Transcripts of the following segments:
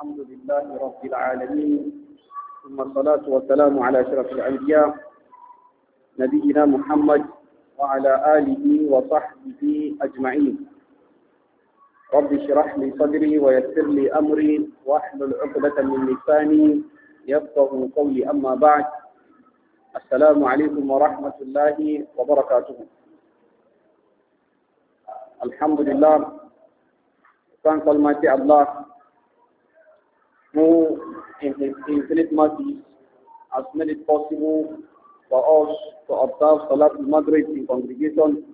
الحمد لله رب العالمين ثم الصلاة والسلام على شرف الأنبياء نبينا محمد وعلى آله وصحبه أجمعين رب اشرح لي صدري ويسر لي أمري واحلل عقدة من لساني يفقه قولي أما بعد السلام عليكم ورحمة الله وبركاته الحمد لله thank Almighty who in His infinite mercy has made it possible for us to observe Salat al-Maghrib in congregation.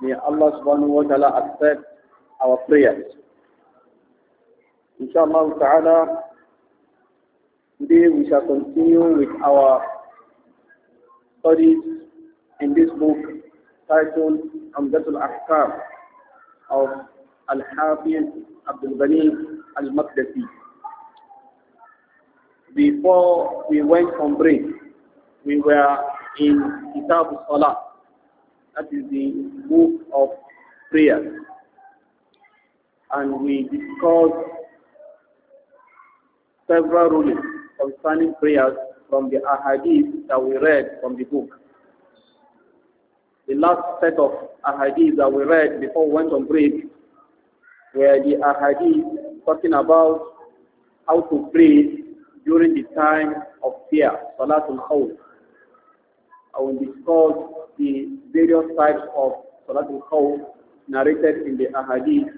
May Allah subhanahu wa ta'ala accept our prayers. Inshallah ta'ala, today we shall continue with our studies in this book titled Amdatul Ahkam of Al-Hafiz Abdul Ghani al-Maqdisi. Before we went on break, we were in Kitab al-Salah. That is the book of prayer. And we discussed several rulings concerning prayers from the ahadith that we read from the book. The last set of ahadith that we read before we went on break were the ahadith talking about how to pray during the time of fear, Salatul Khawf. I will discuss the various types of Salatul Khawf narrated in the Ahadith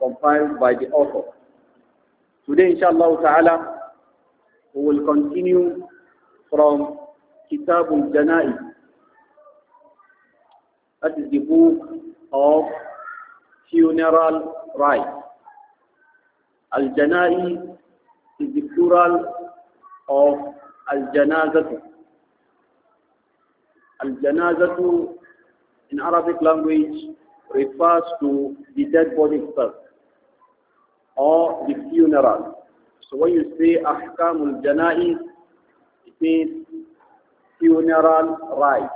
compiled by the author. Today, inshallah ta'ala, we will continue from Kitabul Janai. That is the book of funeral rites. Al-Jana'i is the plural of Al-Janazatu. Al-Janazatu in Arabic language refers to the dead body itself or the funeral. So when you say al Jana'i, it means funeral rites.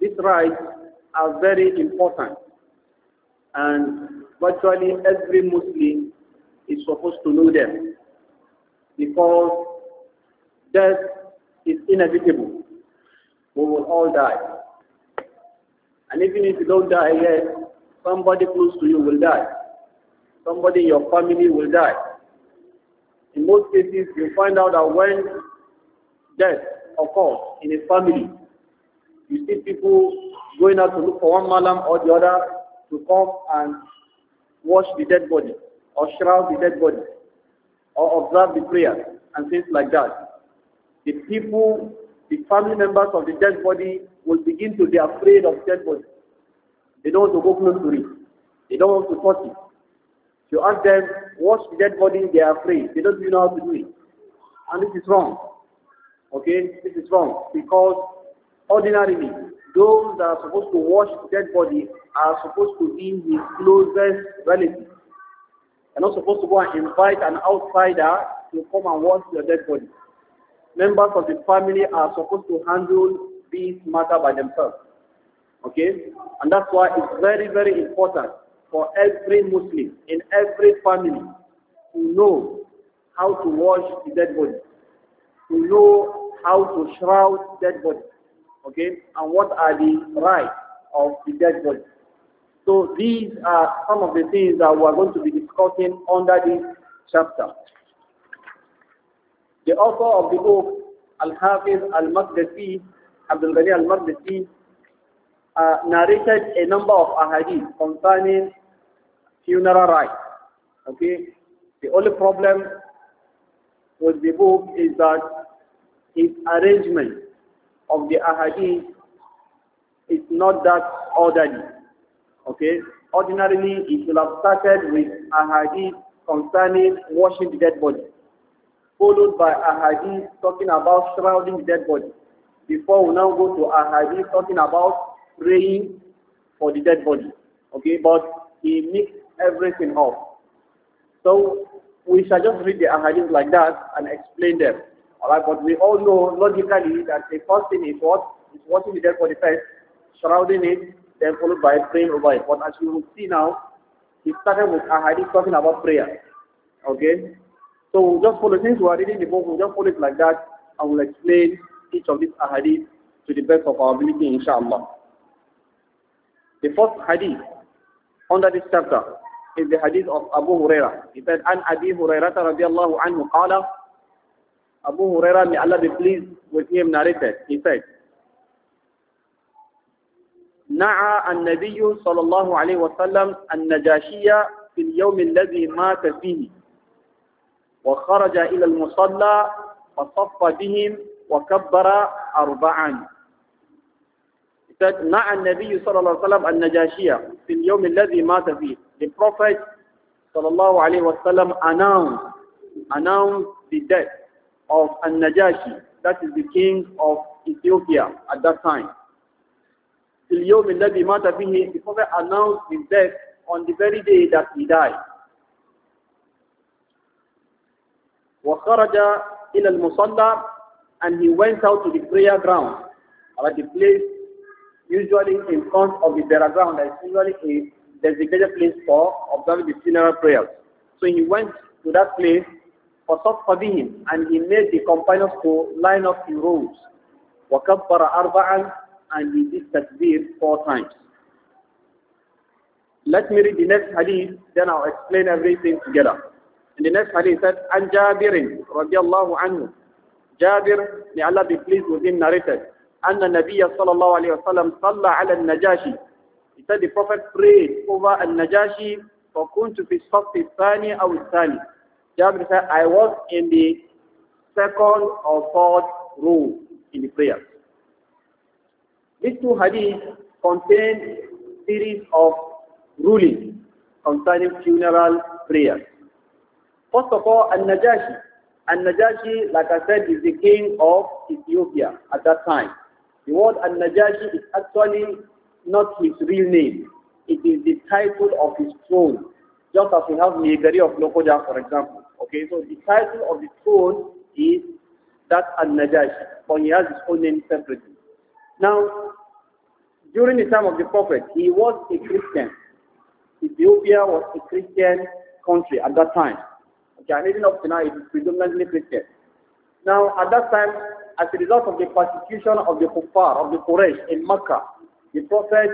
These rites are very important and virtually every Muslim is supposed to know them because death is inevitable. We will all die. And even if you don't die yet, somebody close to you will die. Somebody in your family will die. In most cases, you find out that when death occurs in a family, you see people going out to look for one malam or the other to come and wash the dead body, or shroud the dead body, or observe the prayer, and things like that. The people, the family members of the dead body will begin to be afraid of dead body. They don't want to go close to it. They don't want to touch it. You ask them, what's the dead body? They are afraid. They don't even know how to do it. And this is wrong. Okay? This is wrong. Because ordinarily, those that are supposed to wash dead bodies are supposed to be his closest relatives. You're not supposed to go and invite an outsider to come and wash your dead body. Members of the family are supposed to handle this matter by themselves. Okay? And that's why it's very, very important for every Muslim in every family to know how to wash the dead body, to know how to shroud dead body okay, and what are the rights of the dead body. So these are some of the things that we are going to be discussing under this chapter. The author of the book, Al-Hafiz Al-Maqdisi, Abdul Ghani Al-Maqdisi, uh, narrated a number of ahadith concerning funeral rites. Okay, the only problem with the book is that its arrangement of the ahadith is not that orderly. Okay? Ordinarily, it will have started with ahadith concerning washing the dead body, followed by ahadith talking about shrouding the dead body, before we now go to ahadith talking about praying for the dead body. Okay? But he mixed everything up. So, we shall just read the ahadith like that and explain them. Alright, but we all know logically that the first thing is what is what we did for the first, surrounding it, then followed by praying over it. But as you will see now, he started with uh, talking about prayer. Okay? So we'll just follow, since we are reading the book, we'll just follow it like that and we'll explain each of these ahadith to the best of our ability, inshallah. The first hadith under this chapter is the hadith of Abu Huraira. He said, An Abi Hurairata radiallahu anhu qala, Abu Huraira, may Allah be pleased with him, narrated. He said, نعى النبي صلى الله عليه وسلم النجاشية في اليوم الذي مات فيه وخرج إلى المصلى فصف بهم وكبر أربعا He said, نعى النبي صلى الله عليه وسلم النجاشية في اليوم الذي مات فيه The Prophet صلى الله عليه وسلم announced, announced the death of Anajashi, is the king of Ethiopia at that time. The Prophet announced his death on the very day that he died. and he went out to the prayer ground, or the place usually in front of the burial ground, that is usually a designated place for observing the funeral prayers. So he went to that place فصف and he made the companions to line up in rows وكبر أربعا and he did takbir four times let me read the next hadith then I'll explain everything together in the next hadith said عن جابر رضي الله عنه جابر may Allah be pleased with him narrated أن النبي صلى الله عليه وسلم صلى على النجاشي he said the prophet prayed over النجاشي فكنت في الصف الثاني أو الثالث Jabir said, I was in the second or fourth row in the prayer. These two hadiths contain series of rulings concerning funeral prayers. First of all, An-Najashi. An-Najashi, like I said, is the king of Ethiopia at that time. The word An-Najashi is actually not his real name. It is the title of his throne, just as we have Megari of Lokoja, for example. Okay, so the title of the throne is that Al-Najashi, but he has his own name separately. Now, during the time of the Prophet, he was a Christian. Ethiopia was a Christian country at that time. Okay, and even up to now, it is predominantly Christian. Now, at that time, as a result of the persecution of the Kuffar, of the Quraysh in Mecca, the Prophet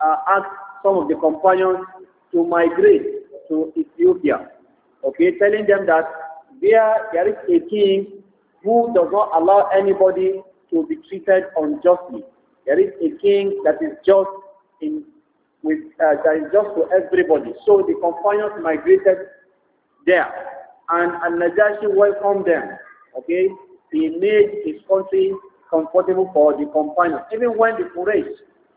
uh, asked some of the companions to migrate to Ethiopia okay, telling them that there, there is a king who does not allow anybody to be treated unjustly. There is a king that is just in with uh, that is just to everybody. So the companions migrated there, and Al-Najashi welcomed them. Okay, he made his country comfortable for the companions. Even when the Quraysh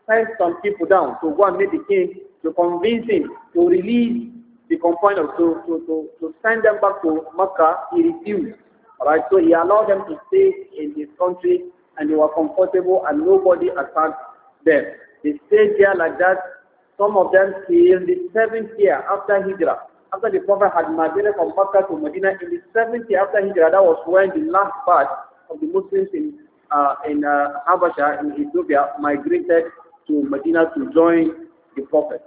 sent some people down to go and meet the king to convince him to release the companions to, to, to, to send them back to Mecca, he refused. Alright, so he allowed them to stay in his country and they were comfortable and nobody attacked them. They stayed there like that. Some of them in the seventh year after Hijrah. After the Prophet had migrated from Mecca to Medina, in the seventh year after Hijrah, that was when the last part of the Muslims in uh, in uh, Habasha, in Ethiopia, migrated to Medina to join the Prophet.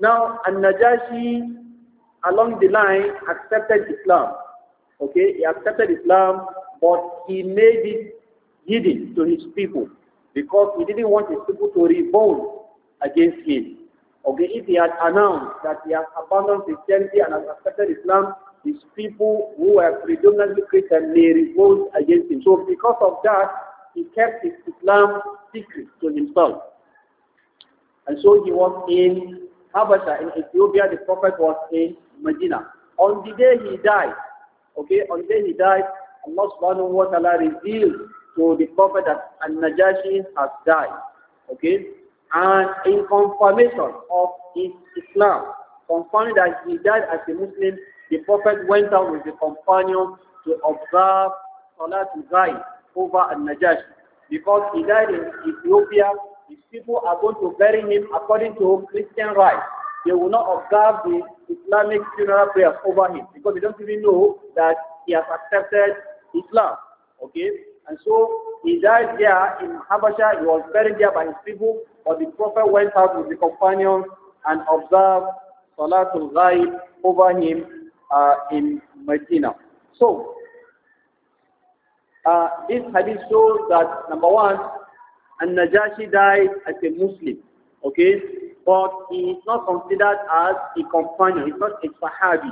Now, An-Najashi along the line accepted Islam. Okay, he accepted Islam, but he made it hidden to his people because he didn't want his people to revolt against him. Okay, if he had announced that he has abandoned Christianity and has accepted Islam, his people who were predominantly Christian may revolt against him. So because of that, he kept his Islam secret to himself. And so he was in Habasha, in Ethiopia, the prophet was in Medina. On the day he died, okay, on the day he died, Allah subhanahu wa ta'ala revealed to the Prophet that An-Najashi has died, okay, and in confirmation of his Islam, confirming that he died as a Muslim, the Prophet went out with the companions to observe Salat Zayd over An-Najashi because he died in Ethiopia. His people are going to bury him according to Christian rites they will not observe the Islamic funeral prayers over him because they don't even know that he has accepted Islam. Okay? And so he died there in Habasha, he was buried there by his people, but the Prophet went out with the companions and observed Salatul Ghaib over him uh, in Medina. So, uh, this hadith shows that number one, An Najashi died as a Muslim. Okay? but he is not considered as a companion. He's not a Sahabi.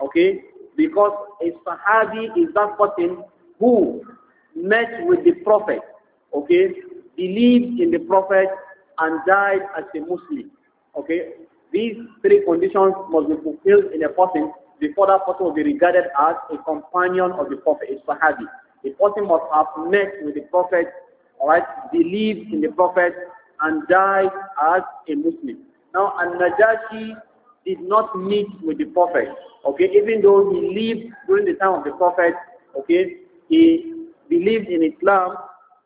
Okay? Because a Sahabi is that person who met with the Prophet. Okay? Believed in the Prophet and died as a Muslim. Okay? These three conditions must be fulfilled in a person before that person will be regarded as a companion of the Prophet, a Sahabi. a person must have met with the Prophet, alright, believed in the Prophet, and died as a Muslim. Now, An-Najashi did not meet with the Prophet, okay, even though he lived during the time of the Prophet, okay, he believed in Islam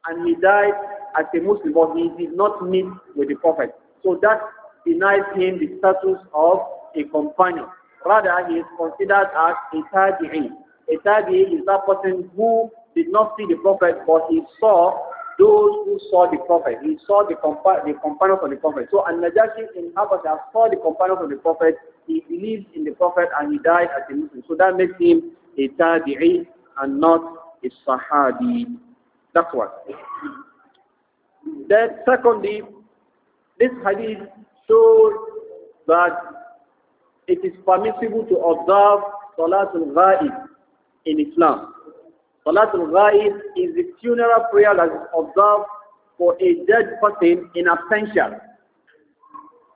and he died as a Muslim, but he did not meet with the Prophet. So that denies him the status of a companion. Rather, he is considered as a tabi'i. A tabi'i is that person who did not see the Prophet, but he saw those who saw the Prophet. He saw the, compa the companions of the Prophet. So An-Najashi in Habasha saw the companions of the Prophet. He believed in the Prophet and he died as a Muslim. So that makes him a Tabi'i and not a Sahabi. That's what. Then secondly, this hadith shows that it is permissible to observe Salatul Ghaib in Islam. Salatul Ghaib is the funeral prayer that is observed for a dead person in absentia.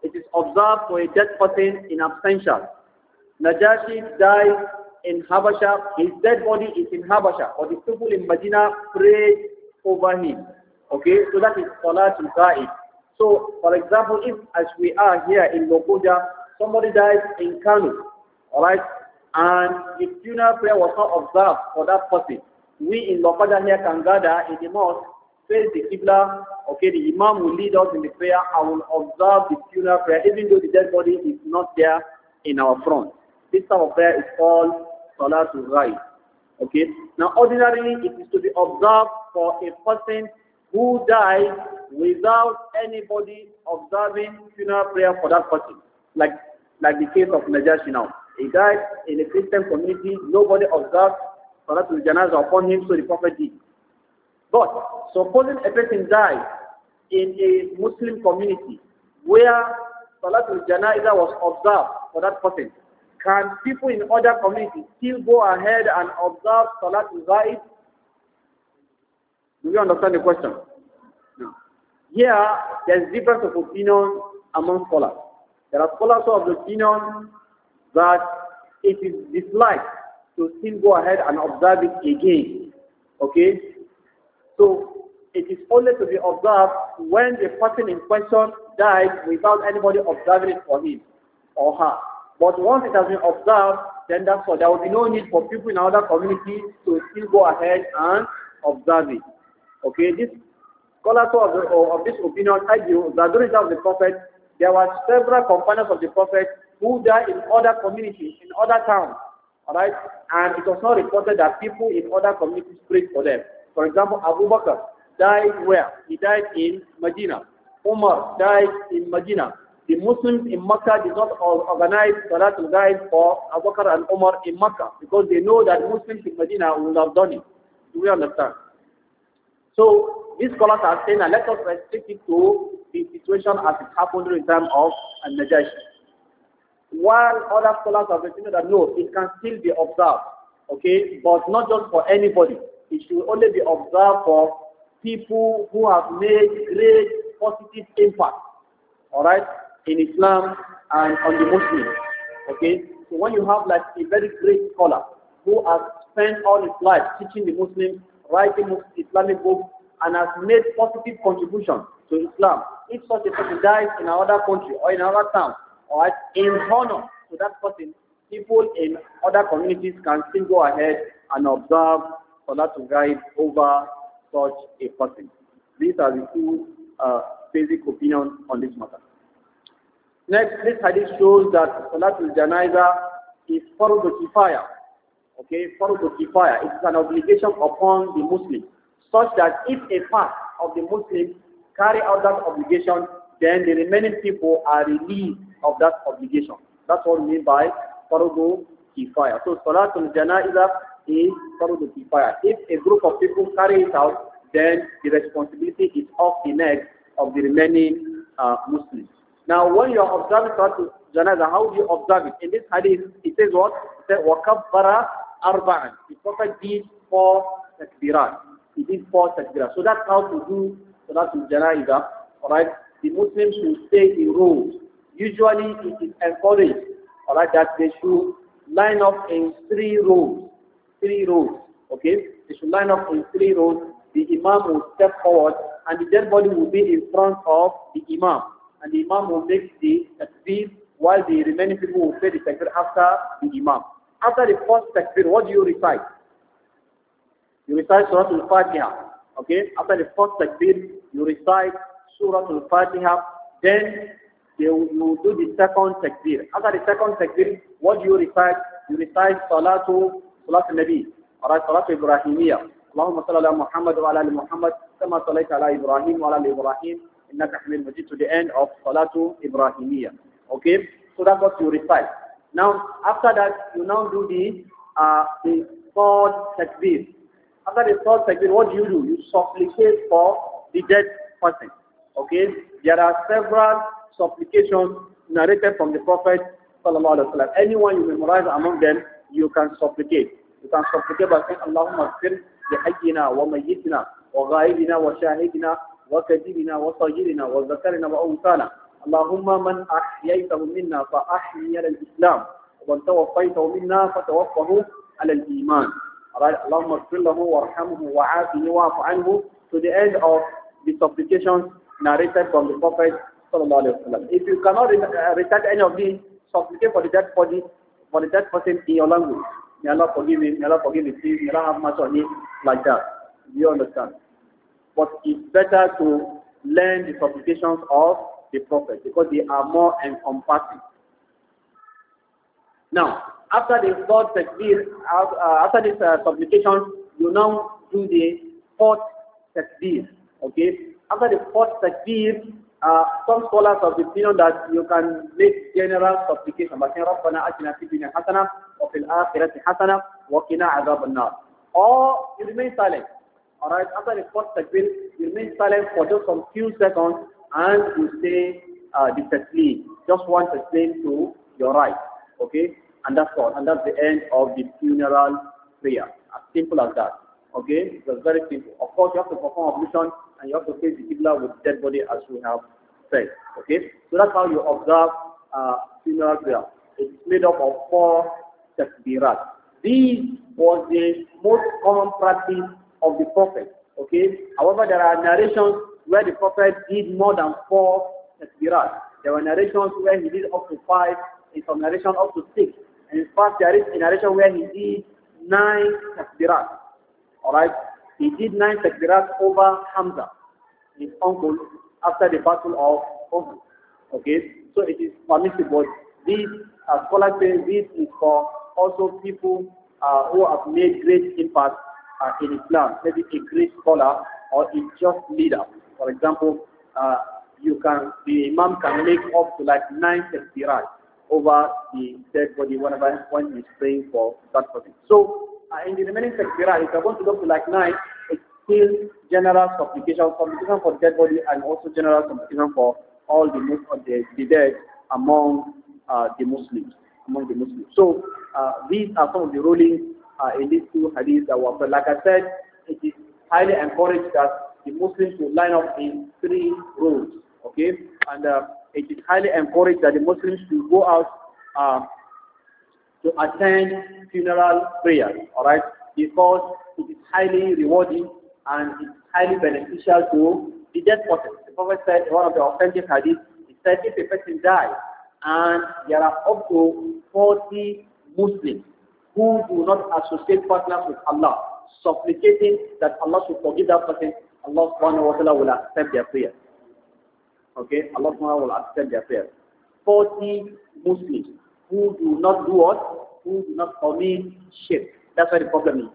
It is observed for a dead person in absentia. Najashi died in Habasha. His dead body is in Habasha, or the people in Medina pray over him. Okay, so that is Salatul Ghaib. So, for example, if as we are here in Lokoja, somebody dies in Kanu, all right, and the funeral prayer was not observed for that person, we in Lokoja here can gather in the mosque, face the Qibla, okay, the Imam will lead us in the prayer, I will observe the funeral prayer, even though the dead body is not there in our front. This type of prayer is called Salatul Rai. Okay, now ordinarily it is to be observed for a person who died without anybody observing funeral prayer for that person. Like like the case of Najashi now. He died in a Christian community, nobody observed Salatul Janazah upon him, so the Prophet did. But supposing a person died in a Muslim community where Salatul Janazah was observed for that person, can people in other communities still go ahead and observe Salatul Zaid? Do you understand the question? No. Here, there's difference of opinion among scholars. There are scholars of the opinion that it is disliked to still go ahead and observe it again. Okay? So it is only to be observed when the person in question dies without anybody observing it for him or her. But once it has been observed, then that's all. There will be no need for people in other communities to still go ahead and observe it. Okay, this scholars of, the, of this opinion The that during the prophet, there were several companions of the prophet who died in other communities, in other towns. Right, And it was not reported that people in other communities prayed for them. For example, Abu Bakr died where? He died in Medina. Umar died in Medina. The Muslims in Mecca did not organize Salatul Ghaib for Abu Bakr and Umar in Mecca because they know that Muslims in Medina would have done it. Do we understand? So these scholars are saying that let us restrict it to the situation as it happened during the time of Najashi. While other scholars have written that no, it can still be observed, okay, but not just for anybody. It should only be observed for people who have made great positive impact, all right, in Islam and on the Muslims, okay. So when you have like a very great scholar who has spent all his life teaching the Muslims, writing Islamic books, and has made positive contribution to Islam, if such a person dies in another country or in another town, or in honor to that person, people in other communities can still go ahead and observe to ride over such a person. These are the two uh, basic opinions on this matter. Next, this hadith shows that Salatul Janaiza is Fardu Okay, Fardu It is an obligation upon the Muslim, such that if a part of the Muslims carry out that obligation, then the remaining people are released of that obligation. That's what we mean by Farudu Kifaya. So Salatul Janaiza is Farudu Kifaya. If a group of people carry it out, then the responsibility is off the neck of the remaining uh, Muslims. Now, when you are observing Salatul Janaiza, how do you observe it? In this hadith, it says what? It says, وَكَبَّرَ arba'an. The Prophet did four takbirat. He did four takbirat. So that's how to do Salatul Janaiza. Alright? The Muslims should stay in rows Usually it is encouraged, all right, that they should line up in three rows, three rows, okay? They should line up in three rows. The imam will step forward and the dead body will be in front of the imam. And the imam will make the takbir while the remaining people will say the takbir after the imam. After the first takbir, what do you recite? You recite Surah Al-Fatiha. Okay? After the first takbir, you recite Surah Al-Fatiha. Then they will do the second takbir. After the second takbir, what do you recite? You recite Salatu, Salatu Nabi, alright, Salatu Ibrahimiyya. Allahumma صل على محمد وعلى ال محمد كما صليت على Ibrahim. وعلى ال ابراهيم انك حميد مجيد to the end of Salatu Ibrahimiyya. Okay? So that's what you recite. Now, after that, you now do the, uh, the third takbir. After the third takbir, what do you do? You supplicate for the dead person. Okay? There are several supplications narrated from the Prophet Anyone you memorize among them, you can supplicate. You can supplicate by saying, Allahumma fir bihayyina wa mayyitina wa ghaibina wa shahidina wa kadibina wa sayyidina wa zakarina wa unsana. Allahumma man ahyaytahu minna fa ahyi ala al-Islam. Wa man tawaffaytahu minna fa tawaffahu ala al-Iman. Alright, Allahumma fir lahu wa arhamuhu wa afihi wa afu anhu. To the end of the supplications narrated from the Prophet if you cannot uh, recite any of these, supplicate for the dead body, for the dead person in your language. May Allah forgive him, may Allah forgive his sins, may Allah have mercy on him, like that. Do you understand? But it's better to learn the supplications of the Prophet because they are more encompassing. Now, after the third takbir, uh, after this uh, supplication, you now do the fourth takbir. Okay? After the fourth takbir, uh, some scholars of the opinion that you can make general supplication by saying, رَبَّنَا أَتِنَا فِي الدُّنْيَا حَسَنَةً وَفِي الْآخِرَةِ حَسَنَةً وَقِنَا عَذَابَ النَّارِ Or you remain silent. Alright, after the first takbir, you remain silent for just some few seconds and you say uh, the taslim. Just one taslim to your right. Okay? And that's all. And that's the end of the funeral prayer. As simple as that. Okay? It's very simple. Of course, you have to perform ablution and you have to face the Qibla with dead body as we have said. Okay? So that's how you observe uh, funeral prayer. It's made up of four takbirat. These was the most common practice of the Prophet. Okay? However, there are narrations where the Prophet did more than four takbirat. There were narrations where he did up to five, in some narration up to six. And in fact, there is a narration where he did nine takbirat. Alright? He did nine takbirat over Hamza, his uncle, after the battle of Uhud. Okay, so it is permissible. This, uh, scholars say this is for also people uh, who have made great impact uh, in Islam, maybe a great scholar or a just leader. For example, uh, you can the imam can make up to like nine takbirat over the dead body whenever when he's praying for that person. So in uh, the remaining sects, if you're going to go to like nine, it's still general supplication, supplication for dead body and also general supplication for all the most of the, the dead among uh, the Muslims. Among the Muslims. So uh, these are some of the rulings uh, in these two hadiths that were. But like I said, it is highly encouraged that the Muslims will line up in three rows. Okay, and uh, it is highly encouraged that the Muslims will go out uh, to attend funeral prayers, all right? Because it is highly rewarding and it's highly beneficial to the dead person. The Prophet said, one of the authentic hadith, he said if a person dies and there are up to 40 Muslims who do not associate partners with Allah, supplicating that Allah should forgive that person, Allah subhanahu wa ta'ala will accept their prayer. Okay, Allah subhanahu wa ta'ala will accept their prayer. 40 Muslims who do not do what? Who do not commit shirk. That's where the problem is.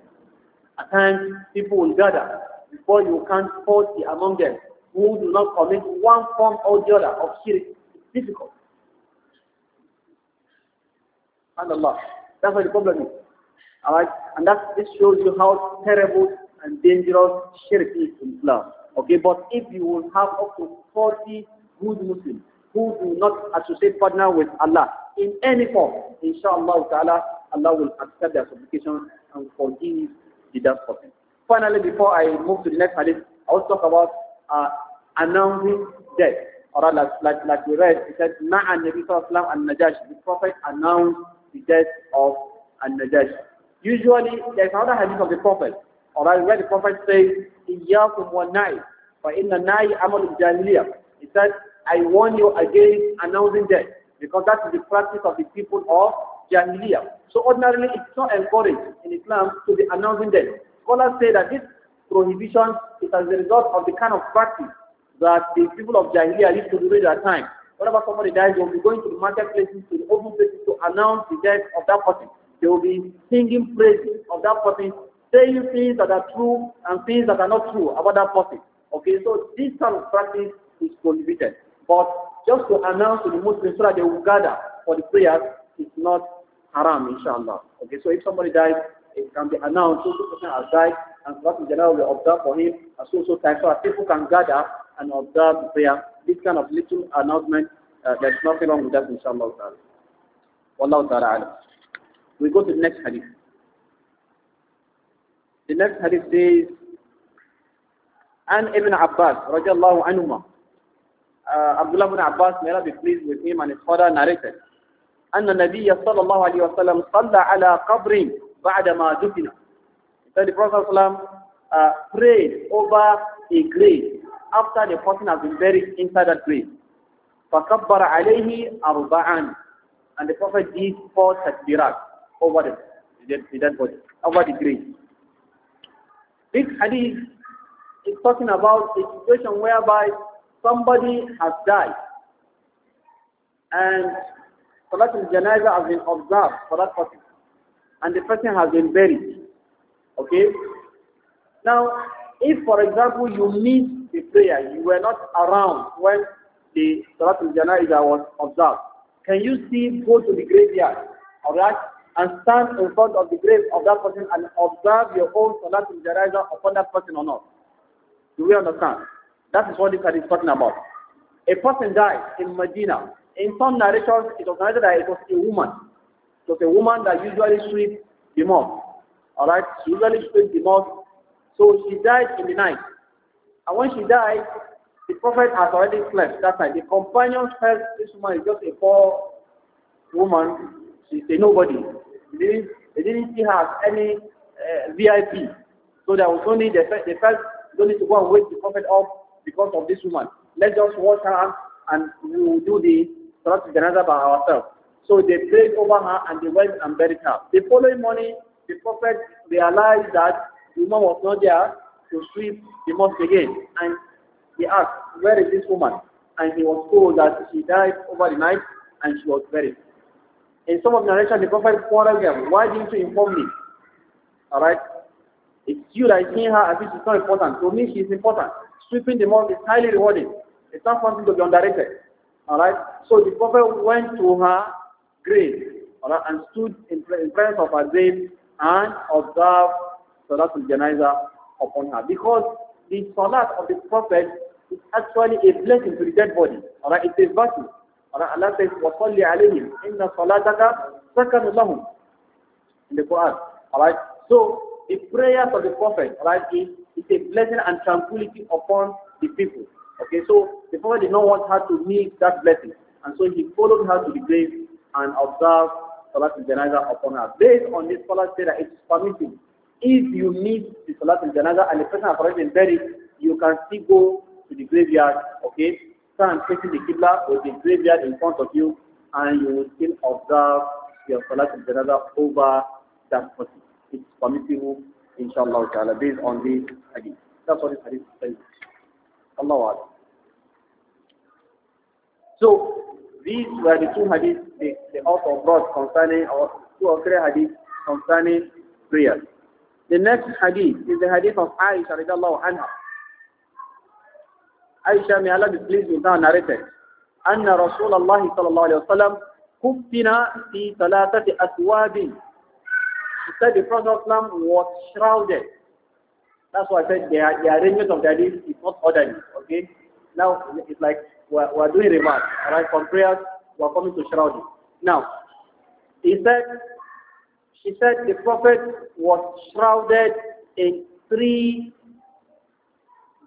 At times, people will gather before you count force among them who do not commit one form or the other of shirk. It's difficult. And Allah. That's where the problem is. Alright? And that this shows you how terrible and dangerous shirk is in Islam. Okay, but if you will have up to 40 good Muslims, who do not associate partner with Allah in any form, inshallah ta'ala, Allah will accept their supplication and forgive the death them. Finally, before I move to the next hadith, I will talk about uh, announcing death. Or like, like, like we read, it said, Ma'an Nabi Sallallahu an Najash. The Prophet announced the death of An-Najash. Usually, there's another hadith of the Prophet. Or where the Prophet says, Iyyakum wa na'i, fa inna na'i amal jahiliya. He said, I warn you against announcing death because that is the practice of the people of Jahiliyyah. So ordinarily, it's not encouraged in Islam to be announcing death. Scholars say that this prohibition is as a result of the kind of practice that the people of Jahiliyyah used to do at that time. Whenever somebody dies, they will be going to the marketplaces, to the open places to announce the death of that person. They will be singing praises of that person, saying things that are true and things that are not true about that person. Okay, so this kind of practice is prohibited. But just to announce to the Muslims so that they will gather for the prayers is not haram, inshallah. Okay, so if somebody dies, it can be announced, so person has died, and Salat al will observed for him as so so time, so that people can gather and observe the prayer. This kind of little announcement, uh, there's nothing wrong with that, inshallah. Wallahu ta'ala We go to the next hadith. The next hadith says, عن Ibn Abbas, رضي الله uh, Abdullah ibn Abbas, may Allah be pleased with him and his father narrated. أن النبي صلى الله عليه وسلم صلى على قبر دفن. So the Prophet uh, prayed over a grave after the person has been buried inside that grave. فكبر عليه أربعا. And the Prophet did four takbirat over the, the dead body, over the grave. This hadith is talking about a situation whereby somebody has died and Salat al-Janazah has been observed for that person and the person has been buried. Okay? Now, if for example you missed the prayer, you were not around when the Salat al-Janazah was observed, can you still go to the graveyard, alright, and stand in front of the grave of that person and observe your own Salat al upon that person or not? Do we understand? That is what this card is talking about. A person died in Medina. In some narrations, it was narrated that it was a woman. It was a woman that usually sweeps the mosque. Alright, she usually sweeps the mosque. So she died in the night. And when she died, the Prophet has already slept that night. The companions felt this woman is just a poor woman. She's a nobody. They didn't, they didn't see her as any uh, eh, VIP. So there was only, they felt, they felt, don't need to go and wake the Prophet up because of this woman. Let's just wash her and we will do the Salat Janaza by ourselves. So they prayed over her and they went and buried her. The following morning, the prophet realized that the woman was not there to sweep the mosque again. And he asked, where is this woman? And he was told that she died over the night and she was buried. In some of the narration, the prophet quarreled them, why didn't you inform me? Alright? It's you that is seeing her as if she's not important. To me, she's important sweeping the mosque is highly rewarded. It's not something to be underrated. All right. So the prophet went to her grave, all right, and stood in, in presence of her grave and observed salat al-janaza upon her because the salat of the prophet is actually a blessing to the dead body. All right. It's a virtue. All right. Allah says, "Wasalli alayhim inna salataka sakanu lahum." In the Quran. All right. So the prayers of the prophet, all right, is it's a blessing and tranquility upon the people. Okay, so the Prophet did not want her to miss that blessing. And so he followed her to the grave and observed al Janaza upon her. Based on this, scholars say that it's permitted. If you miss the al Janaza and the person has already been buried, you can still go to the graveyard, okay? Stand facing the Qibla with the graveyard in front of you and you will still observe your al Janaza over that person. It's permissible inshallah ta'ala, based on the hadith. That's what this hadith says. Allah So, these were the two hadiths the, the author God concerning, or two or three hadiths concerning prayer. The next hadith is the hadith of Aisha radiallahu anha. Aisha, may Allah be pleased with her, narrated. أن رسول الله صلى الله عليه وسلم كفنا في ثلاثة أثواب he said the Prophet was shrouded. That's why I said the, the arrangement of the hadith is not orderly. Okay? Now it's like we're, we're doing remark, alright, from prayers, we're coming to shrouding. Now, he said, she said the Prophet was shrouded in three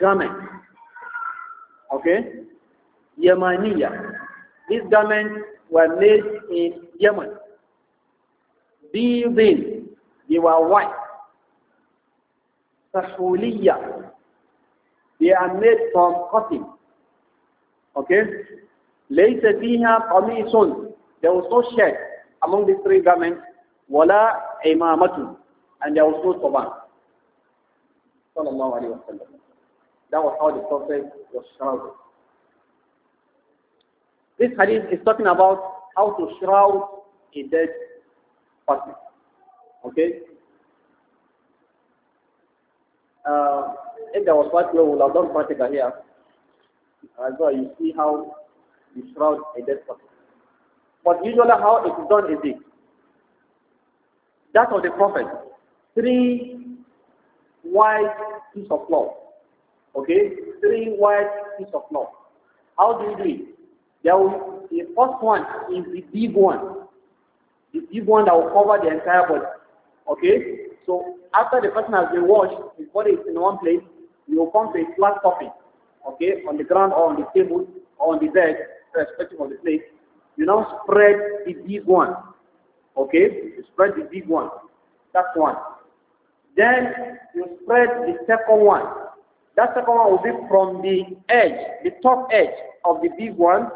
garments. Okay? Yemeniya. These garments were made in Yemen. Beading. They are white. Sahuliya. They are made from cotton. Okay? لَيْسَ فِيهَا قَمِيصٌ There was no shirt among the three garments. وَلَا إِمَامَةٌ And there was no turban. Sallallahu alayhi wa sallam. That was how the Prophet was shrouded. This hadith is talking about how to shroud a dead person. Okay? Uh, if there was one way, we would have done Fatiha here. As well, you see how you shroud a dead person. But usually how it is done is this. That of the Prophet. Three wide pieces of cloth. Okay? Three wide pieces of cloth. How do you do it? There will, the first one is the big one. The big one that will cover the entire body. Okay? So after the person has been washed, his body is in one place, you will come to a flat coffin, okay, on the ground or on the table or on the bed, irrespective of the place. You now spread the big one. Okay? You spread the big one. That's one. Then you spread the second one. That second one will be from the edge, the top edge of the big one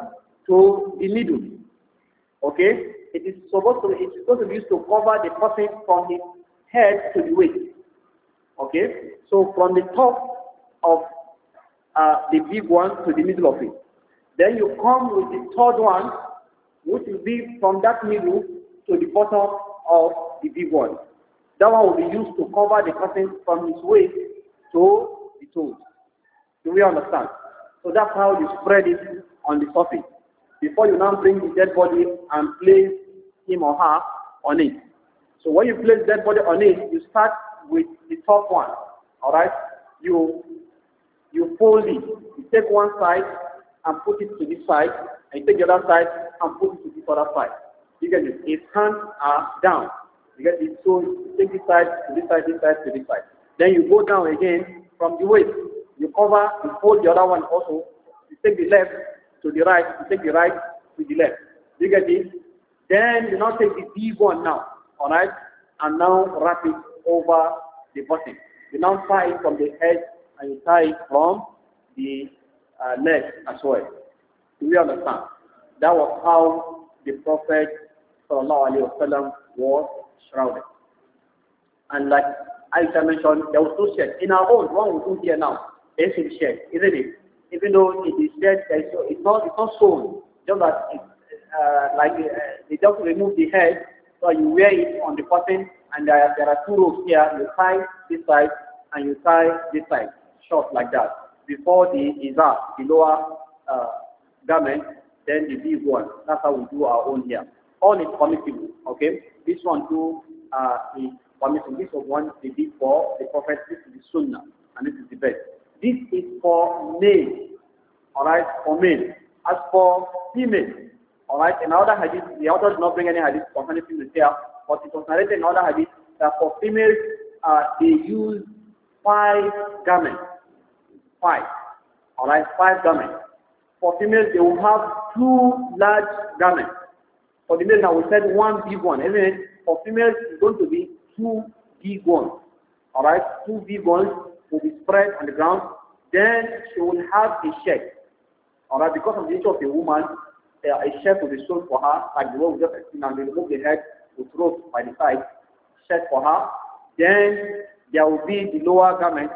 to the middle. Okay? It is supposed to it is supposed to be used to cover the person from his head to the waist. Okay? So from the top of uh, the big one to the middle of it. Then you come with the third one, which will be from that middle to the bottom of the big one. That one will be used to cover the person from his waist to the toes. Do we understand? So that's how you spread it on the surface before you now bring the dead body and place him or her on it. So when you place dead body on it, you start with the top one. All right, you you fold it. You take one side and put it to this side, and take the other side and put it to this other side. You get it. His hands are down. You get it. So you take this side to this side, this side to this side. Then you go down again from the waist. You cover, you fold the other one also. You take the left, to the right, you take the right to the left. You get this? Then you now take the D one now, all right? And now wrap it over the bottom. You now tie it from the head and you tie it from the uh, leg as well. Do we understand? That was how the Prophet wasallam was shrouded. And like I mentioned, there was two shirts. In our own, one we do here now, there is a shirt, isn't it? even though it is dead, it's not, it's not sewn. Just that it's, uh, like uh, they just remove the head, so you wear it on the person, and uh, there are two rows here. You tie this side and you tie this side, short like that. Before the izar, the lower uh, garment, then the big one. That's how we do our own here. All is permissible. Okay, this one too uh, is permissible. This was one they did for the prophet. This is the sunnah, and this is the best. This is for male. Alright, for male. As for female, alright, in other hadith, the author does not bring any hadith concerning females here, but it was narrated in other hadith that for females, uh, they use five garments. Five. Alright, five garments. For females, they will have two large garments. For the male, now we said one big one, isn't it? For females, it's going to be two big ones. Alright, two big ones will be spread on the ground, then she will have a sheikh. Alright, because of the nature of a woman, uh, a sheikh will be sold for her, like the one we just explained, and they remove the head with rope by the side, sheikh for her. Then there will be the lower garment,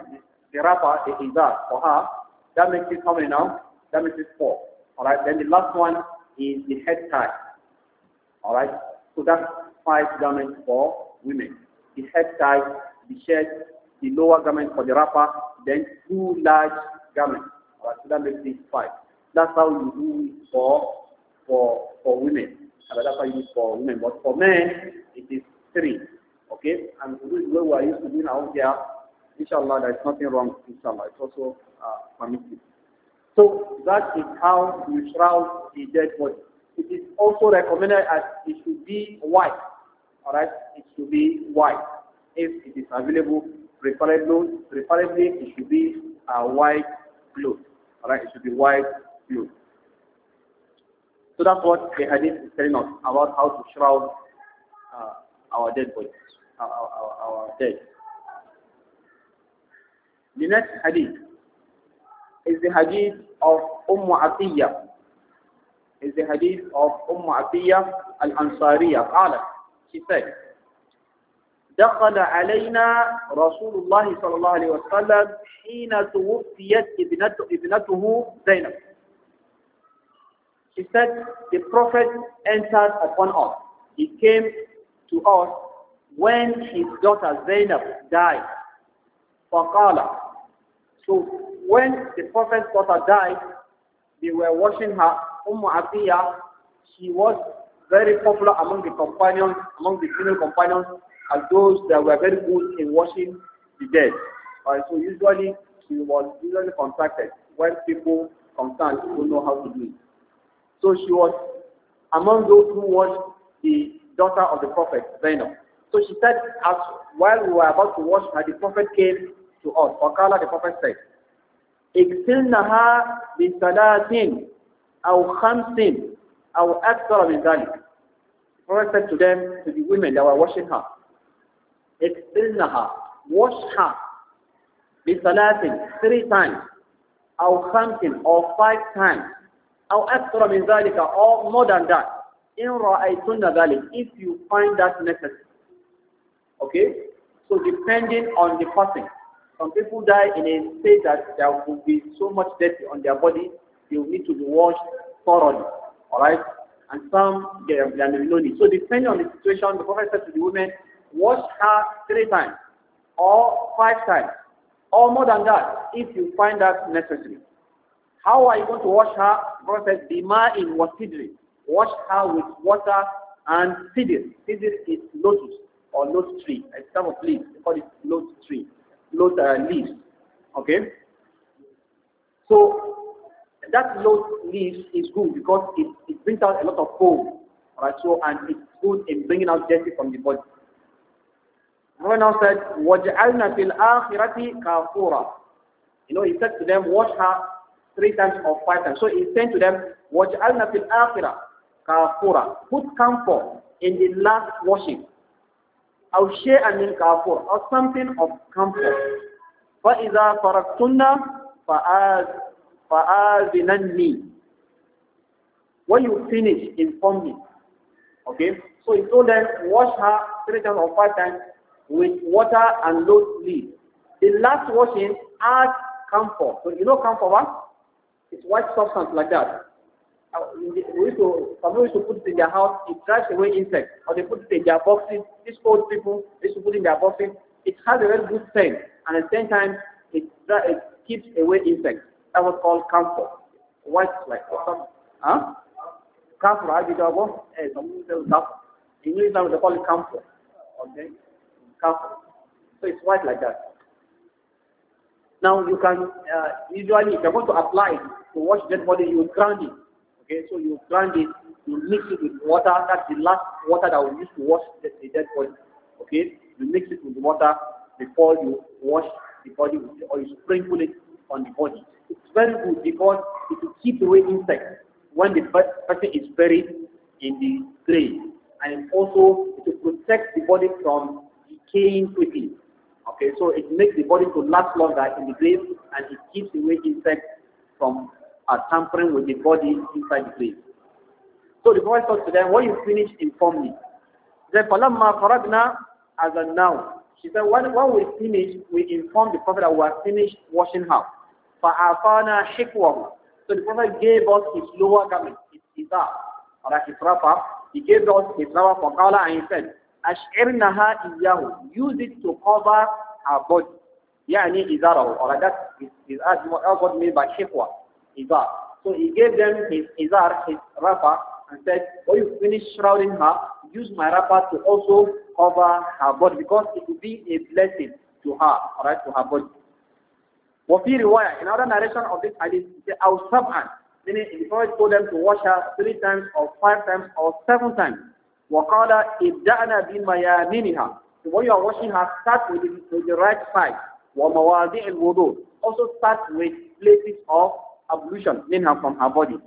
the wrapper, the hijab for her. That makes it how many now? That makes it four. Alright, then the last one is the head tie. Alright, so that's five garments for women. The head tie, the shirt, the lower garment for the wrapper, then two large garments. or student five. That's how you do it for for for women. That's how you do it for women. But for men, it is three. Okay? And this is where we are used to doing out there. Inshallah, there is nothing wrong. Inshallah, it's also uh, permitted. So that is how you shroud the dead body. It is also recommended that it should be white. Alright? It should be white if it is available preferably, preferably it should be a white blue, Alright, it should be white blue. So that's what the hadith is telling us about how to shroud uh, our dead bodies, uh, our, our, our dead. The next hadith is the hadith of Umm Atiyah. Is the hadith of Umm Atiyah al-Ansariyah. She said, دخل علينا رسول الله صلى الله عليه وسلم حين توفيت ابنته, زينب. She said, the Prophet entered upon us. He came to us when his daughter Zainab died. So when the Prophet's daughter died, they were washing her. Umm Atiyah, she was very popular among the companions, among the female companions and those that were very good in washing the dead. so usually she was usually contacted when people concerned who know how to do it. So she was among those who washed the daughter of the prophet, Zainab. So she said, as while we were about to wash her, the prophet came to us. Fakala, the prophet said, اغسلنها بثلاث أو خمس أو أكثر من ذلك. The prophet said to them, to the women that were washing her, اغسلنها wash her بثلاث three times أو خمس or five times أو أكثر من ذلك or more than that إن رأيتن ذلك if you find that necessary okay so depending on the person some people die in a state that there will be so much dirt on their body they will need to be washed thoroughly all right and some they will not no so depending on the situation the prophet said to the women wash her three times or five times or more than that if you find that necessary. How are you going to wash her? Process bima in wasidri. Wash her with water and sidr. Sidr is lotus or lotus tree. It's some of leaves. They call it lotus tree. Lotus uh, leaves. Okay? So that lotus leaves is good because it, it brings out a lot of foam, right? so and it's good in bringing out dirty from the body. Prophet now said, وَجْعَلْنَا فِي الْآخِرَةِ kafura." You know, he said to them, wash her three times or five times. So he said to them, وَجْعَلْنَا فِي الْآخِرَةِ kafura. Put camphor in the last washing. أو شيئا من kafur or something of camphor. فَإِذَا فَرَقْتُنَّا فَآذِنَنِّي When you finish, inform me. Okay? So he told them, wash her three times or five times with water and low leaves. The last washing adds camphor. So you know camphor, what? It's white substance like that. Uh, the, we used to, family used to put it in their house, it drives away insects. Or they put it in their boxes. These old people used to put in their boxes. It has a very good scent, and at the same time, it, it keeps away insects. That was called camphor. White like what? Huh? Camphor, I did go. Hey, some people say camphor. In English, they call it camphor. Okay. So it's white like that. Now you can, uh, usually if you're going to apply it to wash dead body, you grind it. Okay, so you grind it, you mix it with water. That's the last water that we use to wash the, the dead body. Okay, you mix it with water before you wash the body or you sprinkle it on the body. It's very good because it will keep away insects when the person is buried in the grave. And also it will protect the body from decaying quickly. Okay, so it makes the body to last longer in the grave and it keeps away insects from uh, tampering with the body inside the grave. So the Prophet said to them, when you finish, inform me. Then فَلَمَّا فَرَقْنَا as a now. She said, when, when we finish, we inform the Prophet that we have finished washing her. فَعَفَانَا حِكْوَهُ So the Prophet gave us his lower garment, his izar, uh, or his wrapper. He gave us his wrapper from Kala and he said, أشعرنها إياه use it to cover her body يعني إزاره or that is, is as what mean by shikwa إزار so he gave them his إزار his wrapper and said when you finish shrouding her use my wrapper to also cover her body because it will be a blessing to her alright to her body وفي رواية in other narration of this hadith it says أو سبعا meaning the Prophet told them to wash her three times or five times or seven times وَقَالَ إِبْدَعْنَا بِمَيَامِنِهَا So when you are washing her, start with the, with the right side. وَمَوَاضِعِ الْوُضُوء Also start with places of ablution, in her from her body.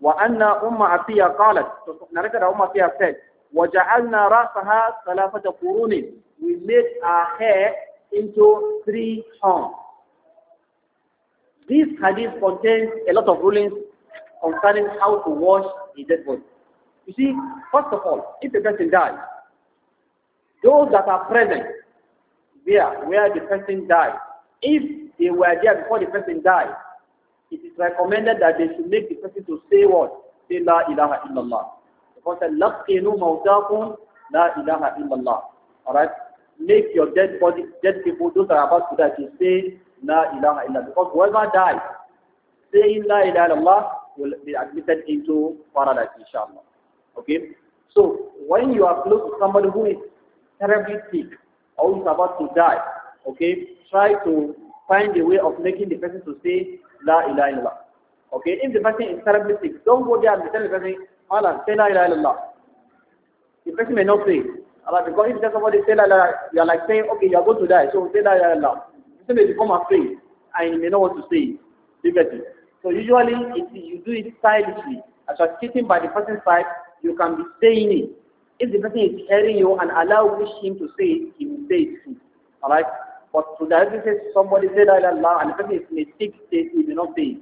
وأن أم عطية قالت narrated أم عطية said وجعلنا رأسها ثلاثة قرون we made our hair into three horns this hadith contains a lot of rulings concerning how to wash a dead body you see, first of all, if the person dies, those that are present there where the person died, if they were there before the person died, it is recommended that they should make the person to say what? Say La ilaha illallah. Because laqinu mawtakum La ilaha illallah. Alright? Make your dead body, dead people, those that are about to die, to say La ilaha illallah. Because whoever dies, saying La ilaha illallah will be admitted into paradise, inshallah. Okay? So when you are close to somebody who is terribly sick or is about to die, okay, try to find a way of making the person to say La ilaha illallah. Okay, if the person is terribly sick, don't go there and tell the person, Allah, say La ilaha illallah. The person may not say. Allah, because if tell somebody say La ilaha, you are like saying, okay, you are going to die, so say La ilaha illallah. The person may become afraid and he may not want to say it. So usually it, you do it silently, as you are sitting by the person's side you can be saying it. If the person is hearing you and allow him to say it, he will say it too. Alright? But to directly say somebody say that Allah and the person is sick state, he will not say it.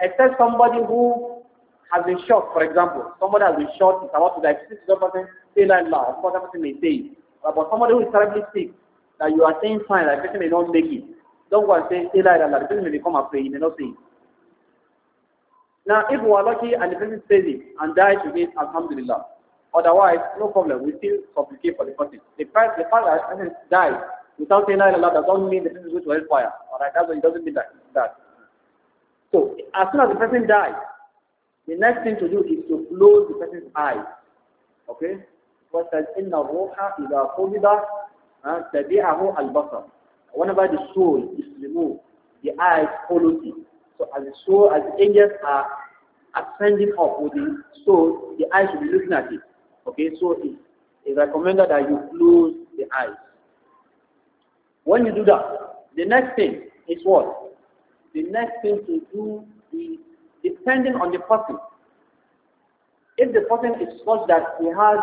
Except somebody who has been shot, for example. Somebody has been shot, is about to die, this person say that Allah. of course that person may say it. But somebody who is terribly sick, that you are saying fine, that person may not make it. Don't go and say that Allah. the person may become afraid, he may not say it. Now, if we are lucky and the person says it and dies within alhamdulillah. Otherwise, no problem. We still supplicate for the person. The fact, the fact that the person dies without saying Allah does not mean the person is going to hellfire. Alright, that's what it doesn't mean that, that. So, as soon as the person dies, the next thing to do is to close the person's eyes. Okay? What says, إِنَّ الرُّوحَ إِذَا قُبِضَ تَبِعَهُ الْبَصَرُ Whenever the soul is removed, the eyes follow it. So as the soul, as the angels are ascending up with the soul, the eyes should be looking at it. Okay, so it is recommended that you close the eyes. When you do that, the next thing is what? The next thing to do is depending on the person. If the person is such that he has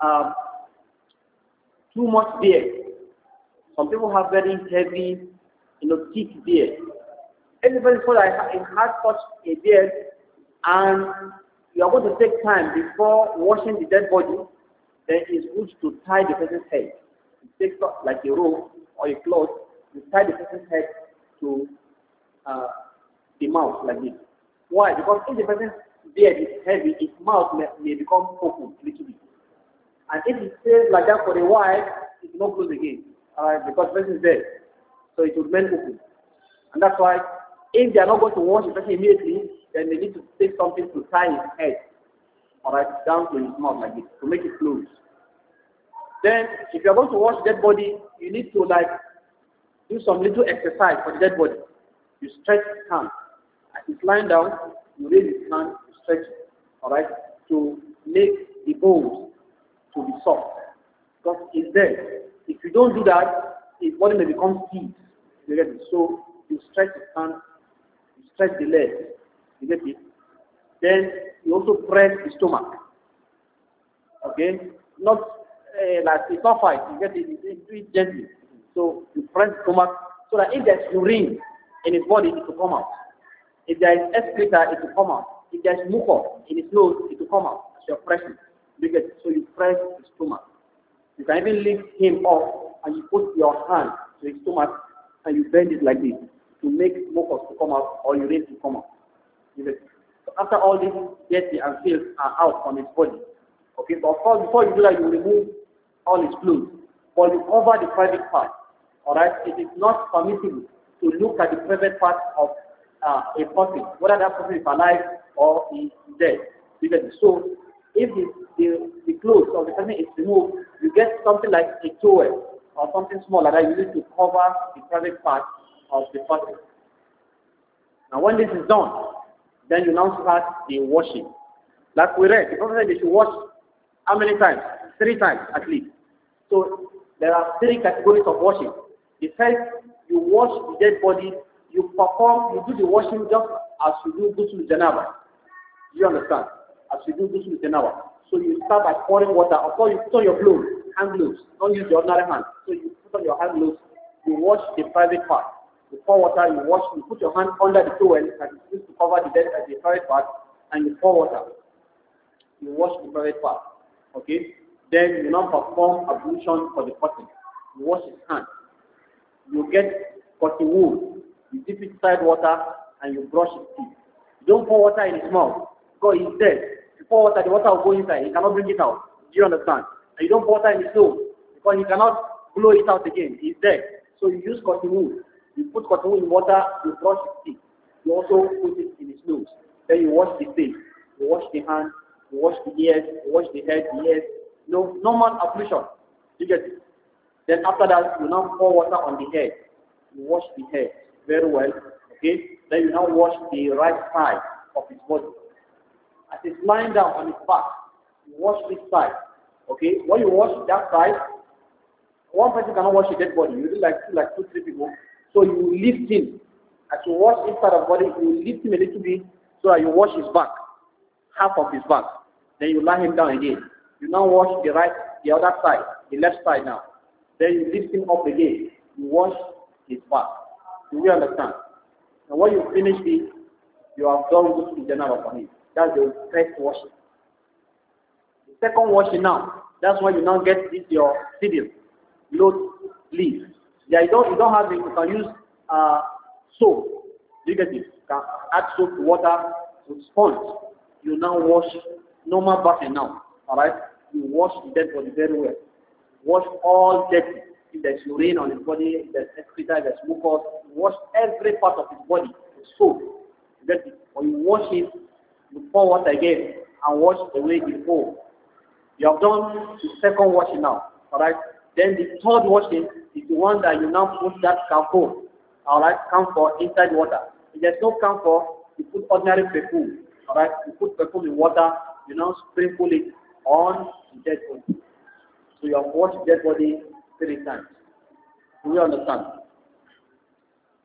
um, too much beard, some people have very heavy, you know, thick beard anybody for that it has such a beard and you are going to take time before washing the dead body, then it's good to tie the person's head. You take like a rope or a cloth, you tie the person's head to uh, the mouth like this. Why? Because if the person's beard is heavy, its mouth may, may become open a little bit. And if it stays like that for a while, it's not closed again uh, because the person is dead. So it will remain open. And that's why if they are not going to wash the person immediately, then they need to take something to tie his head, or down to his mouth like this, to make it close. Then, if you are going to wash dead body, you need to like do some little exercise for the dead body. You stretch his hand. As he's lying down, you raise his hand, you stretch it, all right, to make the bones to be soft. Because it's dead. If you don't do that, his body may become stiff. You get it? So you stretch his hand stretch the leg, you get it? Then you also press the stomach. Okay? Not uh, like it's not fight, you get it? You do it gently. So you press the stomach so that if there's urine in his body, it will come out. If there is excreta, it will come out. If there is mucus in his nose, it will come out as you're pressing. Because, so you press the stomach. You can even lift him up and you put your hand to his stomach and you bend it like this to make mucus to come out or urine to come out. So after all this, dirty and filth are out from his body. Okay, so of course, before you do that, you remove all his clothes, but you cover the private part. All right, it is not permissible to look at the private part of uh, a person, whether that person is alive or is dead. Because so, if the, the, the clothes of the person is removed, you get something like a towel or something smaller. that you need to cover the private part of the person. Now when this is done, then you now start the washing. Like we read, the Prophet said they should wash how many times? Three times at least. So there are three categories of washing. The first, you wash the dead body, you perform, you do the washing just as you do ghusl janaba. You understand? As you do ghusl janaba. So you start by pouring water. Of course, you put on your gloves, hand gloves. Don't use your ordinary hand. So you put on your hand gloves. You wash the private part. You pour water, you wash, you put your hand under the towel that is used to cover the dead as a private part, and you pour water. You wash the private part. Okay? Then you now perform ablution for the person. You wash his hand. You get cotton wool. You dip it inside water and you brush his teeth. You don't pour water in his mouth because he's dead. If you pour water, the water will go inside. He cannot bring it out. Do you understand? And you don't pour water in his nose because he cannot blow it out again. He's dead. So you use cotton wool. You put cotton in water, you brush his teeth. You also put it in his nose. Then you wash the face, you wash the hand, you wash the ears, you wash the head, the ears. No normal ablution. You get it. Then after that, you now pour water on the head. You wash the head very well. Okay? Then you now wash the right side of his body. As he's lying down on his back, you wash this side. Okay? When you wash that side, one person cannot wash a dead body. You do like two, like two, three people. So you lift him. As you wash his part of body, you lift him a little bit so that you wash his back, half of his back. Then you lie him down again. You now wash the right, the other side, the left side now. Then you lift him up again. You wash his back. Do you understand? And when you finish this, you have done good to the general for him. That's the first washing. The second washing now, that's why you now get this your sibyl, load leaves. Yeah, you don't, you don't have it, you can use uh, soap. You get it? You can add soap, to water, to sponge. You now wash normal bathing now. Alright? You wash the dead body very well. Wash all dirty. If there's urine on his body, if there's excreta, if there's mucus, wash every part of his body with soap. You get it? Or you wash it, you pour water again and wash away the whole. You have done the second washing now. Alright? Then the third washing is the one that you now put that camphor, alright, camphor inside water. If there's no camphor, you put ordinary perfume, alright, you put perfume in water, you now sprinkle it on the dead body. So you have washed dead body three times. Do you understand?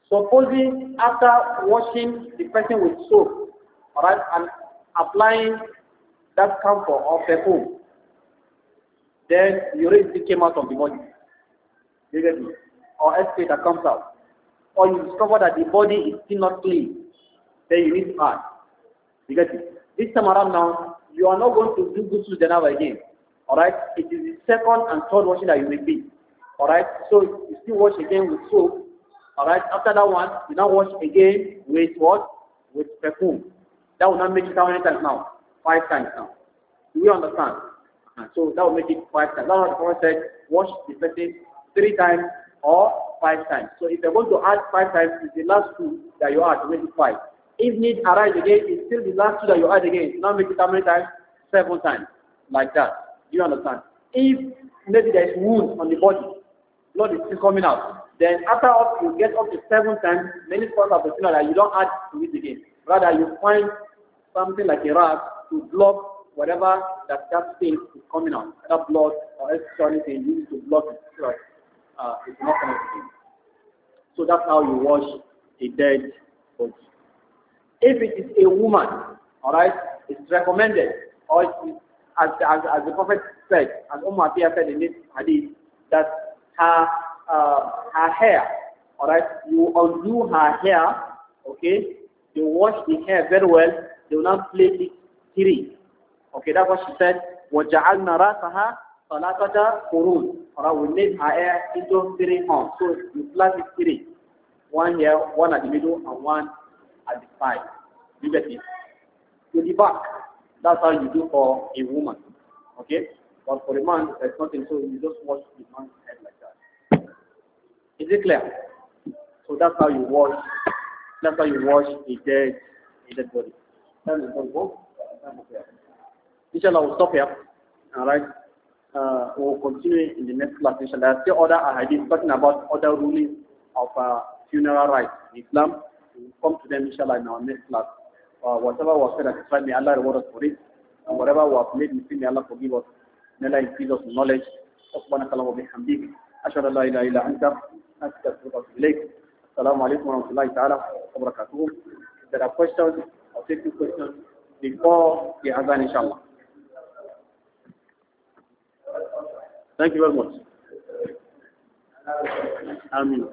Supposing after washing the person with soap, alright, and applying that camphor or perfume, then urine still came out of the body. me? Or excrete that comes out. Or you discover that the body is still not clean. Then you need to add. You get me? This time around now, you are not going to do the janaba again. Alright? It is the second and third washing that you will be. Alright? So you still wash again with soap. Alright? After that one, you now wash again with what? With perfume. That will not make it how many times now? Five times now. Do you understand? So that will make it five times. That's what the Prophet said, wash the person three times or five times. So if you're going to add five times, it's the last two that you add, make it five. If need arise again, it's still the last two that you add again. Now make it how many times? Seven times. Like that. Do you understand? If maybe there is wound on the body, blood is still coming out, then after up, you get up to seven times, many spots of the that you don't add to it again. Rather, you find something like a rag to block whatever that that thing is coming out, that blood or extra anything, you to block it so uh, it's not coming to you. So that's how you wash a dead body. If it is a woman, all right, it's recommended, or it's, as, as, as the Prophet said, as Umar Atiyah said in this hadith, that her, uh, her hair, all right, you undo her hair, okay, you wash the hair very well, do not place it three, Okay, that's what she said. وَجَعَلْنَا رَأْسَهَا ثَلَاثَةَ قُرُونَ Alright, we made her hair into three horns. So you plant it three. One here, one at the middle, and one at the side. You get it? To the back. That's how you do for a woman. Okay? But for a man, there's nothing. So you just wash the man's head like that. Is it clear? So that's how you wash. That's how you wash a dead, a dead body. That's the Inshallah, we'll stop here. All right. Uh, we'll continue in the next class. Inshallah, there are still other ahadith talking about other rulings of uh, funeral rites in Islam. We'll come to them, inshallah, in our next class. Uh, whatever was said and described, may Allah reward us for it. And whatever was made mistake, may Allah forgive us. May Allah increase us in knowledge. سبحانك اللهم وبحمدك أشهد أن لا إله إلا أنت أستغفرك إليك السلام عليكم ورحمة الله تعالى وبركاته If there are questions, I'll take two questions before the Azan, inshallah. Thank you very much. Amen.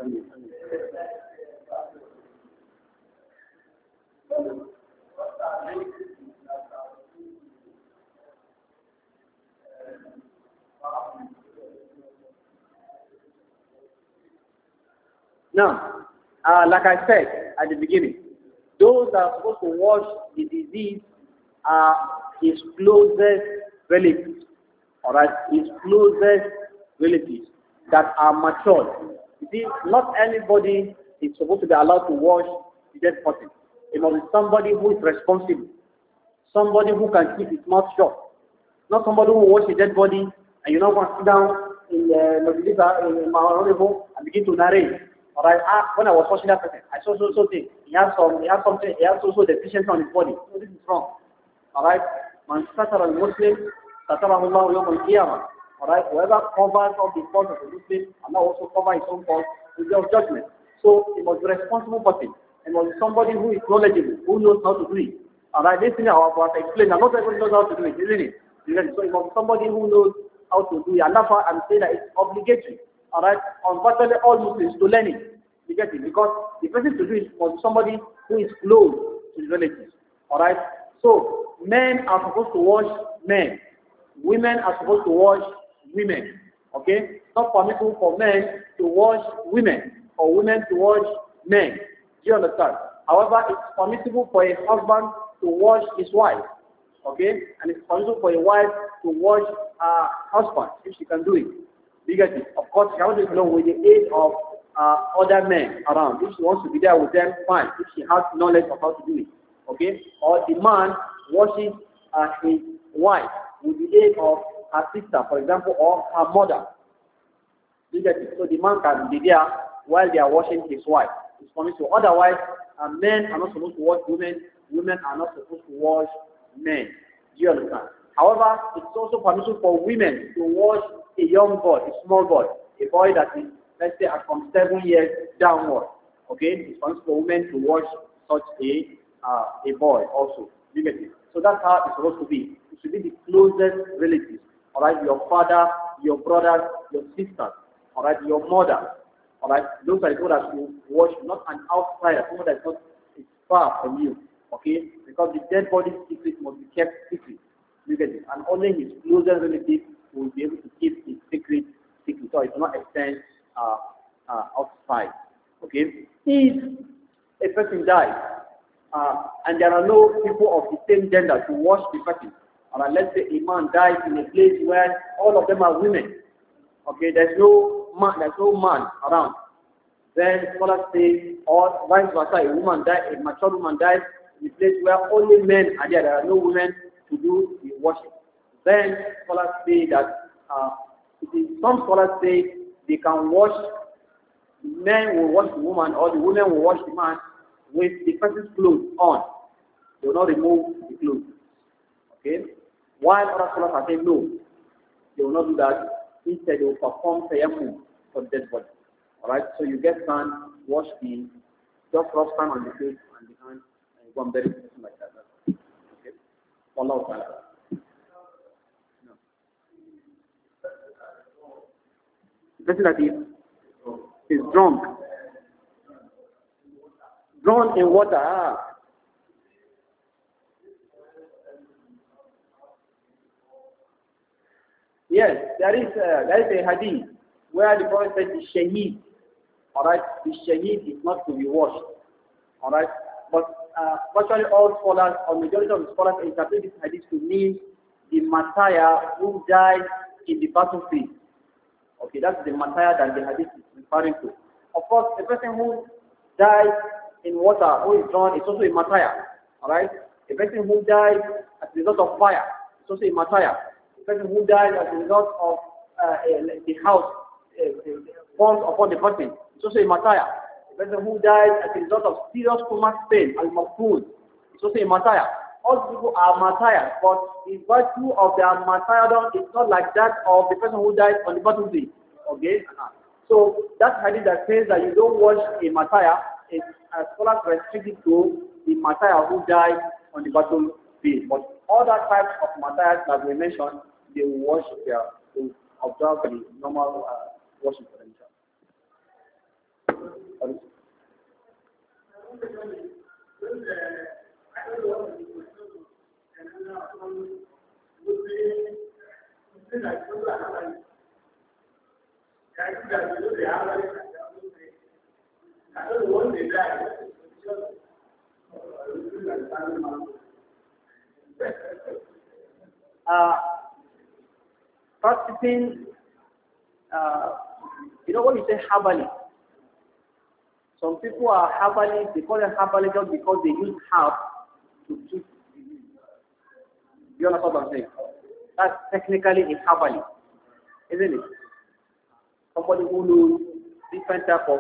Now, uh, like I said at the beginning, those that are supposed to watch the disease are his closest relatives all right, his closest relatives that are matured. You see, not anybody is supposed to be allowed to wash the dead person. It must be somebody who is responsible, somebody who can keep his mouth shut, not somebody who wash the dead body and you're not going to sit down in uh, the in my and begin to narrate. All right, ah, when I was watching that person, I saw so so thing. He has some, he has something, he has so so deficiency on his body. So oh, this is wrong. All right, man, al Muslim Satamahu Allah yawm al Alright, whoever covers up the fault of the Muslim, Allah also covers his own fault with the judgment. So it must be responsible person. It must be somebody who is knowledgeable, who knows how to do it. Alright, this thing I have explained, not everyone knows how to do it, isn't it? Isn't it? So it must be somebody who knows how to do it. And that's I'm saying that it's obligatory. Alright, unfortunately all Muslims to learn it. You get it? Because the person to do it must be somebody who is close to the relatives. Alright? So men are supposed to wash men women are supposed to wash women. Okay? Not permissible for men to wash women or women to wash men. Do you understand? However, it's permissible for a husband to wash his wife. Okay? And it's permissible for a wife to wash her husband if she can do it. Legally. Of course, she cannot do it alone with the aid of uh, other men around. If she wants to be there with them, fine. If she has knowledge of how to do it. Okay? Or the man washes uh, his wife with the aid of her sister, for example, or her mother. You get it? So the man can be there while they are washing his wife. It's coming to otherwise, uh, men are not supposed to wash women. Women are not supposed to wash men. Do you understand? However, it's also permissible for women to wash a young boy, a small boy, a boy that is, let's say, uh, from seven years downward. Okay, it's permissible for women to wash such a uh, a boy also. You get it? So that's how it's supposed to be it should be the closest relatives. All right, your father, your brothers, your sisters. All right, your mother. All right, those are the that who watch, not an outsider, someone that is not is far from you. Okay, because the dead body's secret must be kept secret. Look at it, and only his closest relatives will be able to keep his secret secret. So it's not extend uh, uh, outside. Okay, if a person dies uh, and there are no people of the same gender to watch the person, or let's say a man dies in a place where all of them are women. Okay, there's no man, there's no man around. Then scholars say, or vice versa, a woman dies, a mature woman dies in a place where only men are there. There are no women to do the worship. Then scholars say that uh, some scholars say they can wash men will wash the woman or the women will wash the man with the person's clothes on. They will not remove the clothes. Okay? While other scholars said no, they will not do that. Instead, they will perform tayammum for dead body. Alright, so you get sand, wash the, just cross sand on the face and the hand, and go and bury like that. Okay? Wallahu is No. The person that is, is drunk. Drawn in water, ah. Yes, there is a, uh, there is a hadith where the Prophet said the shaheed, alright, the shaheed is not to be washed, alright. But uh, virtually all scholars, or majority of the scholars interpret this hadith to mean the Messiah who died in the battlefield. Okay, that's the Messiah that the hadith is referring to. Of course, the person who dies in water, who is drowned, is also a Messiah. Alright? The person who dies as a result of fire is also a Messiah person who died as a result of uh, the house falls upon the person. It's also a matayah. A person who died as a result of serious stomach pain, al-mafun. It's also a matayah. All people are matayah, but the virtue of their matayah is not like that of the person who died on the battlefield. Okay? So that hadith that says that you don't watch a matayah is as far as restricted to the matayah who died on the battlefield. But all that types of matayahs that we mentioned they worship their, they observe the normal uh, worship for themselves. uh, practicing, uh, you know, what you say herbally, some people are herbalists, they call them herbalists just because they use herb to treat You understand what I'm saying? That's technically a herbalist, isn't it? Somebody who knows different type of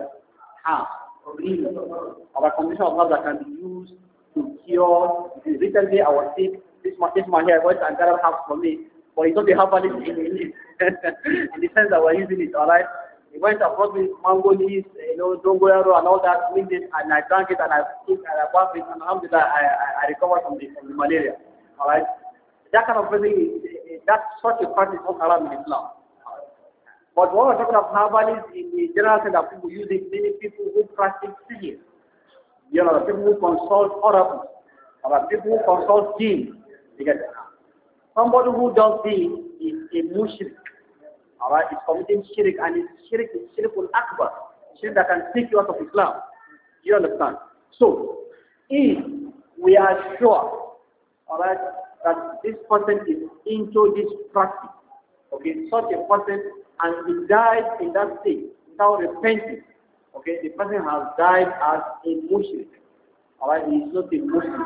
herbs, really, or a combination of herb that can be used to cure Recently, I was sick. This man, this man here went and gathered herbs for me but it's not the herbalist in, in, in the sense that we're using it, all right? He went across with me mango leaves, eh, you know, dongwero and all that, mixed it, and I drank it, and I took and I bath it, and alhamdulillah, I, I, I recovered from the, from the malaria, all right? That kind of thing, that sort of practice is not allowed in Islam. But what we're talking of herbalists in the general sense that people use it, many people who practice singing. You know, people who consult oracles, or people who consult jinn, you get it. Somebody who does this is a mushrik. Alright, is committing shirk and it's shirk is shirkul akbar. Shirk that can take you out of Islam. You understand? So, if we are sure, alright, that this person is into this practice, okay, such a person, and he died in that state without repenting, okay, the person has died as a mushrik. Alright, he is not a Muslim.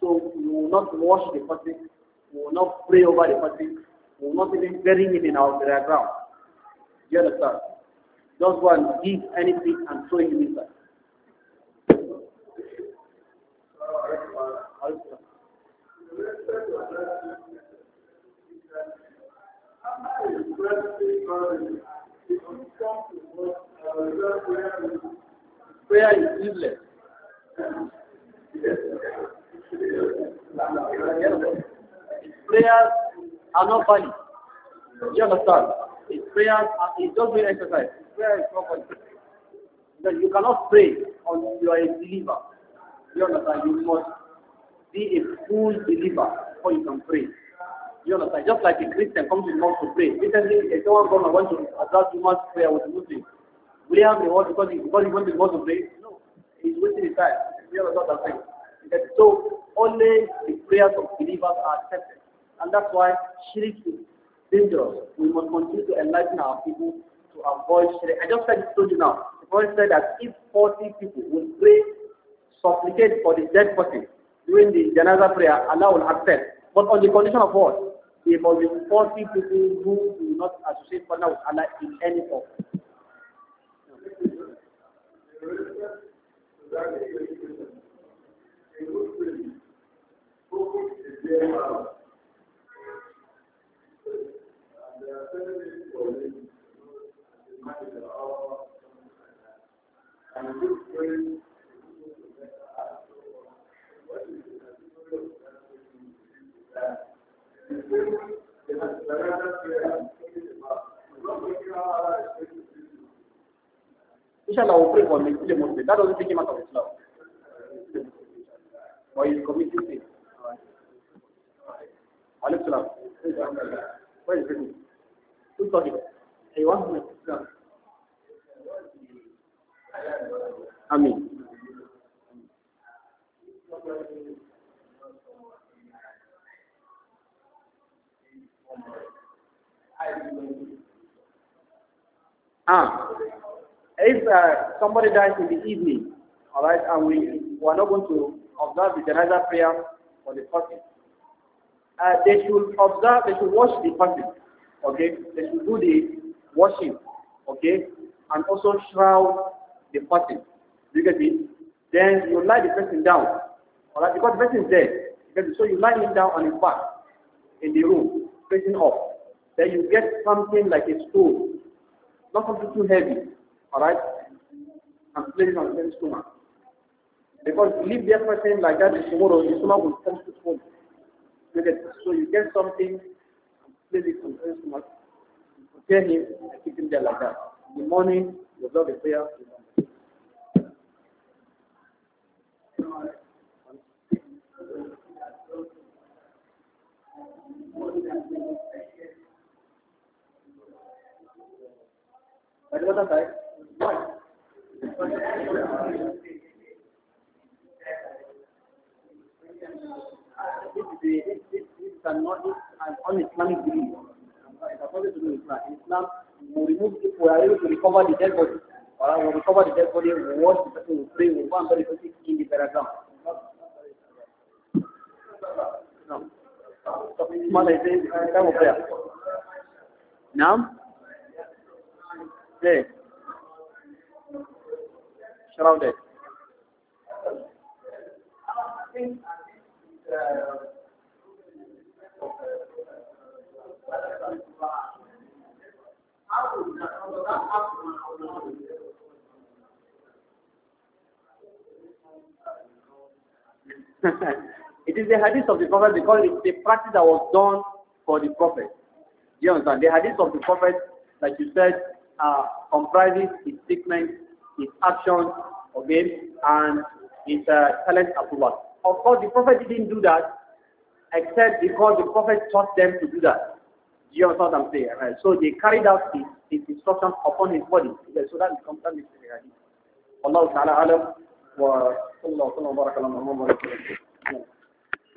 So, we will not wash the person we will not pray over the person. We will not even bury him in our burial ground. You understand? Don't go and give anything and throw him inside. Prayer is useless prayers are not funny. You understand? His prayers are, it's just doing exercise. prayer is not funny. That you cannot pray until you are a believer. You understand? You must be a full believer before you can pray. You understand? Just like a Christian comes to mosque to pray. Recently, a someone from and want to address much prayer with a Muslim. William the word because he because he went to mosque to pray. No, he's wasting his time. You understand that thing? So only the prayers of believers are accepted. And that's why shirik is dangerous. We must continue to enlighten our people to avoid shirik. I just said it to you now. The Prophet said that if 40 people will pray, supplicate for the dead person during the janaza prayer, Allah will accept. But on the condition of what? There must be 40 people who do not associate partner with Allah in any form. Inshallah, we'll pray for the Muslim. That doesn't take him out of Islam. Or he's committing sin. Alaykum salam. Where is two topics. Hayvan ve Amin. Ah, if uh, somebody dies in the evening, all right, and we, we are not going to observe the janaza prayer for the person, uh, they should observe, they should watch the person okay, they should do the washing, okay, and also shroud the person. You get me? Then you lie the person down, all right, because the person is dead. So you lie him down on his back in the room, facing up. Then you get something like a stool, not something too heavy, all right, and place it on the person's stomach. Because you leave that person like that tomorrow, the stomach will come to full. You get so you get something place it on his prepare him and keep him there like that. In the morning, you observe is cannot is an un-Islamic belief. It has nothing to do with Islam. In Islam, we remove if we are able to recover the dead body. Or we recover the dead body, we wash the person, we pray, we go and bury the in the paragraph. Now, I think, it is the hadith of the Prophet because it's the practice that was done for the Prophet. You understand? The hadith of the Prophet, like you said, uh, comprises his statement, his action, okay, and his uh, talent approval. Of course, the Prophet didn't do that except because the Prophet taught them to do that. You what I'm saying? Right? So they carried out his, his upon his body. So the hadith. Allah Ta'ala alam wa sallallahu wa sallam wa barakallahu wa